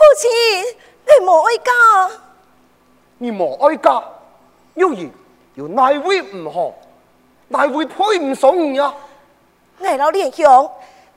父親，你莫哀家，啊、家。你莫哀家，若然有哪位唔好，哪位配唔上你呀，啊？你老蓮兄，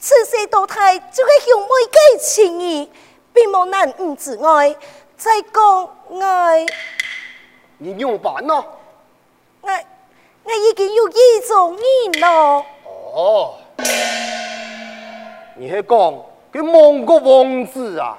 此世代胎，就個兄妹間情誼，並無難唔自愛。再講哎，你有板啊？我我已經有一種你了。哦，你還講佢蒙古王子啊？